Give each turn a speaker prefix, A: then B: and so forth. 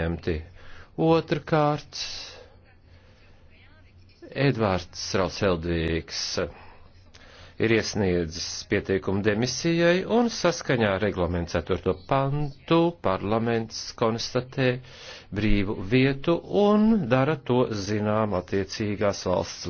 A: ņemti. Otrakārt, Edvards Rauseldīgs ir iesniedzis pieteikumu demisijai un saskaņā ar reglamentu 4. pantu parlaments konstatē brīvu vietu un dara to zinām attiecīgās valsts.